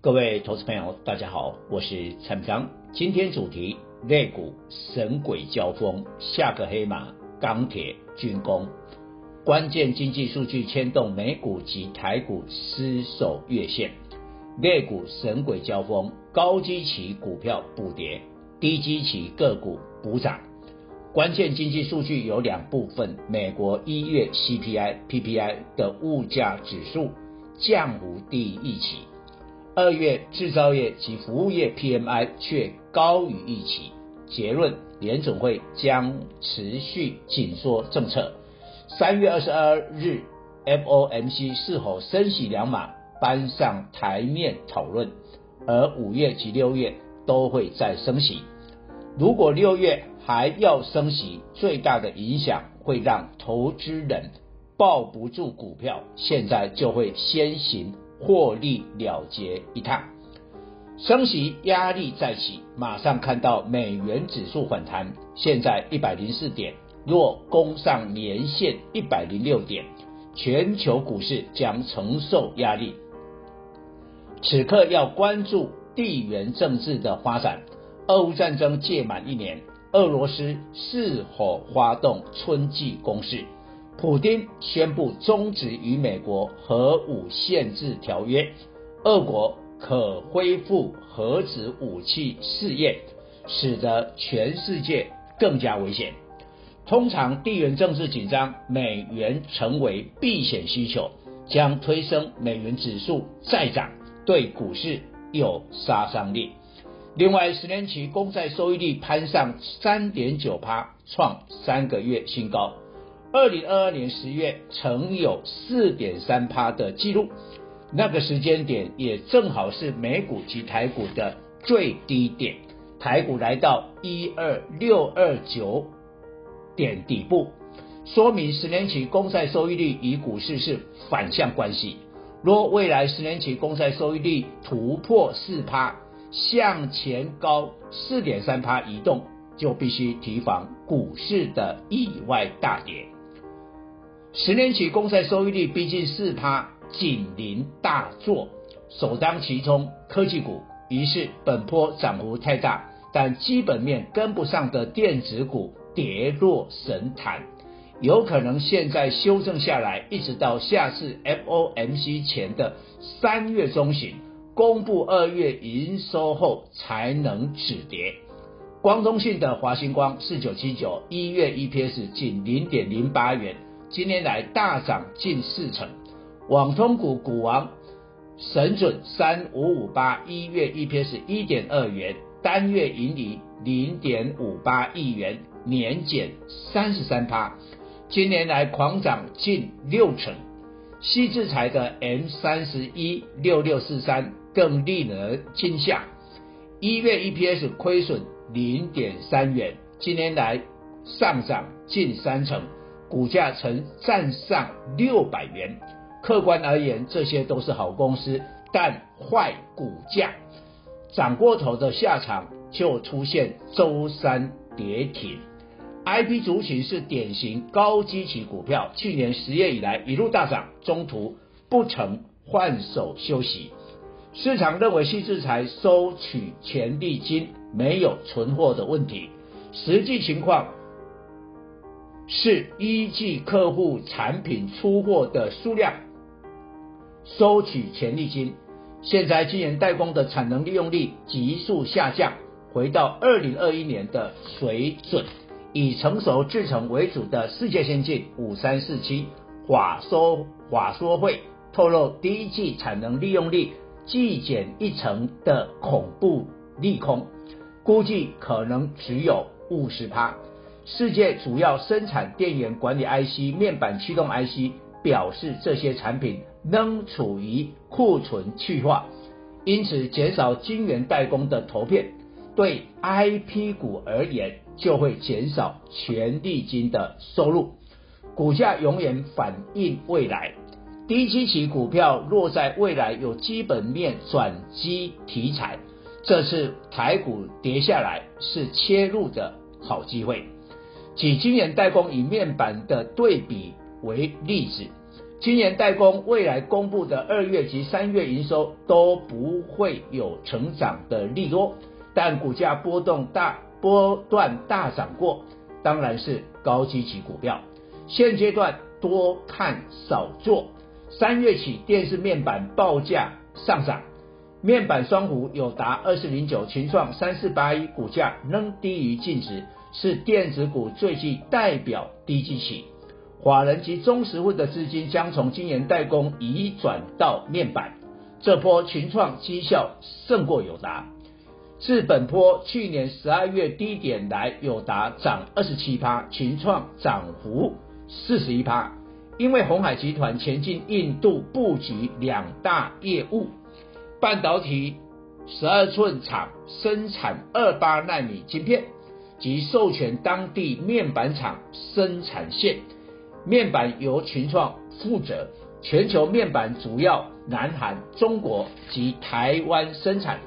各位投資朋友，大家好，我是陳強。今天主題：類股神鬼交鋒，下個黑馬，鋼鐵軍工。關鍵經濟數據牽動美股及台股失守月線，類股神鬼交鋒，高基期股票補跌，低基期個股補漲。關鍵經濟數據有兩部分：美國一月 CPI、PPI 的物價指數降幅低於預期。二月製造業及服務業 PMI 卻高於預期，結論聯準會將持續緊縮政策。三月二十二日 FOMC 是否升息兩碼搬上台面討論，而五月及六月都會再升息。如果六月還要升息，最大的影響會讓投資人抱不住股票，現在就會先行。獲利了結一趟，升息壓力再起，馬上看到美元指數反彈，現在一百零四點，若攻上年線一百零六點，全球股市將承受壓力。此刻要關注地緣政治的發展，俄烏戰爭屆滿一年，俄羅斯是否發動春季攻勢？普丁宣布終止與美國核武限制條約，俄國可恢復核子武器試驗，使得全世界更加危險。通常地緣政治緊張，美元成為避險需求，將推升美元指數再漲，對股市有殺傷力。另外，十年期公債收益率攀上三點九趴，創三個月新高。二零二二年十月曾有四點三趴的記錄，那個時間點也正好是美股及台股的最低點，台股來到一二六二九點底部，說明十年期公債收益率與股市是反向關係。若未來十年期公債收益率突破四趴，向前高四點三趴移動，就必須提防股市的意外大跌。十年期公債收益率逼近四趴，警鈴大作，首當其衝，科技股於是本波漲幅太大，但基本面跟不上的電子股跌落神壇，有可能現在修正下來，一直到下次 FOMC 前的三月中旬公布二月營收後才能止跌。光通訊的華星光四九七九一月 EPS 僅零點零八元。今年來大漲近四成，網通股股王神準三五五八一月 EPS 一點二元，單月盈利零點五八億元，年減三十三%。今年來狂漲近六成，矽智財的 M 三十一六六四三更令人驚嚇，一月 EPS 虧損零點三元，今年來上漲近三成。股價曾站上六百元，客觀而言，這些都是好公司，但壞股價漲過頭的下場就出現週三跌停。IP 族群是典型高基期股票，去年十月以來一路大漲，中途不曾換手休息。市場認為矽智財收取權利金沒有存貨的問題，實際情況，是依據客戶產品出貨的數量收取權利金。現在晶圓代工的產能利用率急速下降，回到二零二一年的水準。以成熟製程為主的世界先進五三四七，華收華說會透露第一季產能利用率季減一成的恐怖利空，估計可能只有五十趴。世界主要生產電源管理 IC、面板驅動 IC，表示這些產品仍處於庫存去化，因此減少晶圓代工的投片，對 IP 股而言就會減少權利金的收入。股價永遠反映未來，低基期，期股票若在未來有基本面轉機題材，這次台股跌下來是切入的好機會。以今年代工以面板的對比為例子，今年代工未來公布的二月及三月營收都不會有成長的利多，但股價波動大，波段大漲過，當然是高基期股票。現階段多看少做。三月起電視面板報價上漲，面板雙虎友達二四零九，群創三四八一，股價仍低於淨值。是電子股最具代表低基期，法人及中實戶的資金將從晶圓代工移轉到面板，這波群創績效勝過友達。自本波去年十二月低點來，友達漲二十七趴，群創漲幅四十一趴。因為鴻海集團前進印度布局兩大業務，半導體十二寸廠生產二八納米晶片。即授權當地面板廠生產線，面板由群創負責。全球面板主要南韓、中國及台灣生產，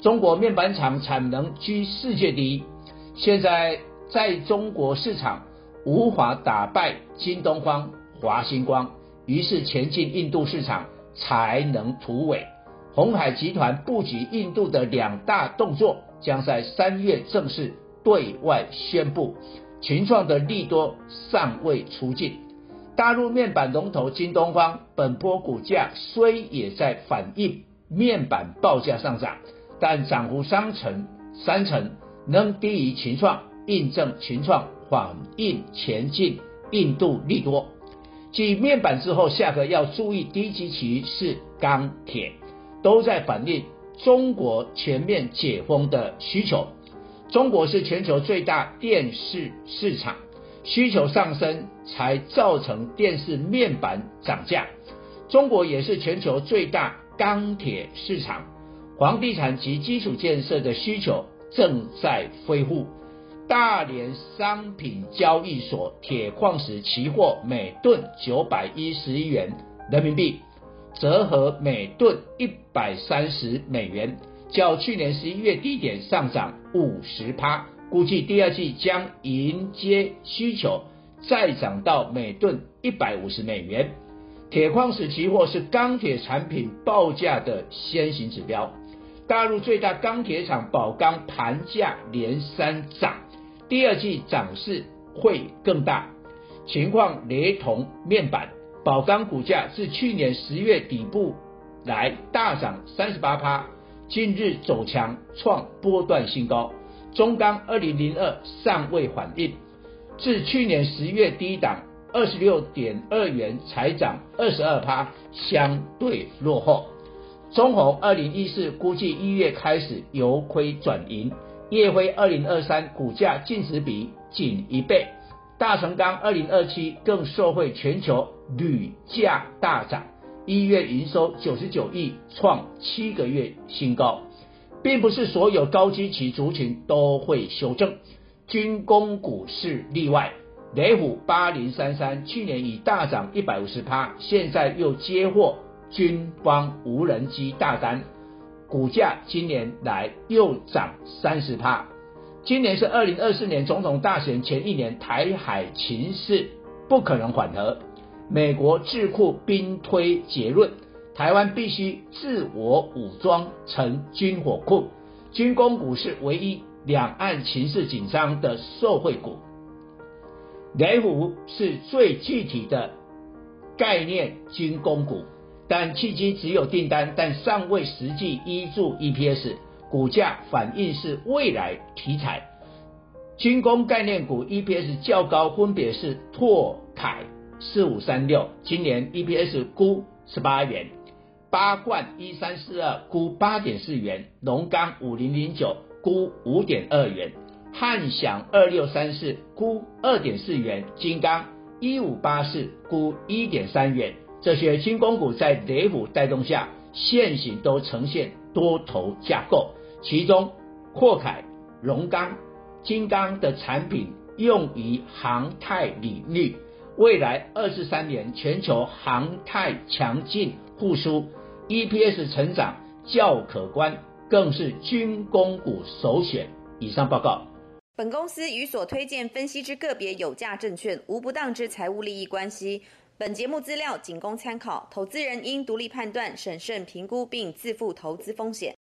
中國面板廠產能居世界第一。現在在中國市場無法打敗京東方、華星光，於是前進印度市場才能突圍。鴻海集團布局印度的兩大動作將在三月正式對外宣布，群創的利多尚未出盡。大陸面板龍頭京東方本波股價雖也在反映面板報價上漲，但漲幅三成三成，仍低於群創，印證群創反應前進印度利多。繼面板之後，下個要注意低基期的是鋼鐵，都在反映中國全面解封的需求。中國是全球最大電視市場，需求上升才造成電視面板漲價。中國也是全球最大鋼鐵市場，房地產及基礎建設的需求正在恢復。大連商品交易所鐵礦石期貨每噸九百一十一元人民幣，折合每噸一百三十美元。較去年十一月低點上漲五十趴，估計第二季將迎接需求再漲到每噸一百五十美元。鐵礦石期貨是鋼鐵產品報價的先行指標。大陸最大鋼鐵廠寶鋼盤價連三漲，第二季漲勢會更大。情況雷同面板，寶鋼股價自去年十月底部來大漲三十八趴。近日走強，創波段新高。中鋼二零零二尚未反應，至去年十月低檔二十六點二元才漲二十二趴，相對落後。中鴻二零一四估計一月開始由虧轉盈，燁輝二零二三股價淨值比僅一倍，大成鋼二零二七更受惠全球鋁價大漲。一月營收九十九億，創七個月新高，並不是所有高基期族群都會修正，軍工股是例外。雷虎八零三三去年已大漲一百五十趴，現在又接獲軍方無人機大單，股價今年來又漲三十趴。今年是二零二四年總統大選前一年，台海情勢不可能緩和。美國智庫兵推結論：台灣必須自我武裝成軍火庫，軍工股是唯一兩岸情勢緊張的受惠股。雷虎是最具體的概念軍工股，但迄今只有訂單，但尚未實際挹注 EPS 股價反應是未來題材。軍工概念股 EPS 較高，分別是拓凱。四五三六，今年 EPS 估十八元；八貫一三四二，估八點四元；榮剛五零零九，估五點二元；漢翔二六三四，估二點四元；金剛一五八四，估一點三元。這些軍工股在雷虎帶動下，現行都呈現多頭架構。其中，拓凱、榮剛、金剛的產品用於航太領域。未來二至三年，全球航太強勁復甦，EPS 成長較可觀，更是軍工股首選。以上報告。本公司與所推薦分析之個別有價證券無不當之財務利益關係。本節目資料僅供參考，投資人應獨立判斷、審慎評估並自負投資風險。